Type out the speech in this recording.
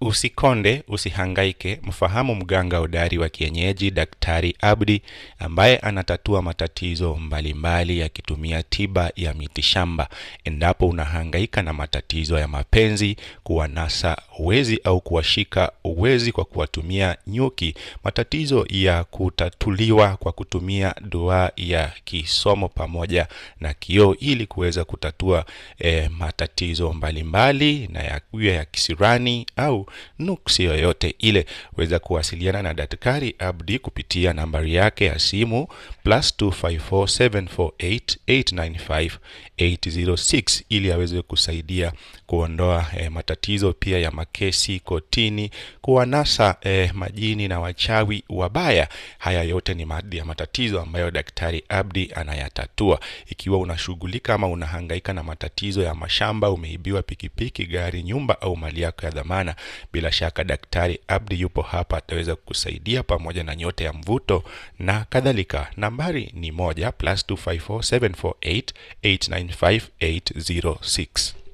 Usikonde, usihangaike, mfahamu mganga udari wa kienyeji Daktari Abdi ambaye anatatua matatizo mbalimbali mbali akitumia tiba ya mitishamba. Endapo unahangaika na matatizo ya mapenzi, kuwanasa uwezi au kuwashika uwezi kwa kuwatumia nyuki, matatizo ya kutatuliwa kwa kutumia dua ya kisomo pamoja na kioo ili kuweza kutatua eh, matatizo mbalimbali mbali, na ya, ya kisirani au nuksi yoyote ile. Weza kuwasiliana na Daktari Abdi kupitia nambari yake ya simu plus 254748895806 ili aweze kusaidia kuondoa eh, matatizo pia ya makesi kotini, kuwanasa eh, majini na wachawi wabaya. Haya yote ni baadhi ya matatizo ambayo Daktari Abdi anayatatua. Ikiwa unashughulika ama unahangaika na matatizo ya mashamba, umeibiwa pikipiki, gari, nyumba au mali yako ya dhamana, bila shaka daktari Abdi yupo hapa, ataweza kukusaidia pamoja na nyota ya mvuto na kadhalika. Nambari ni moja plus 254 748 895 806.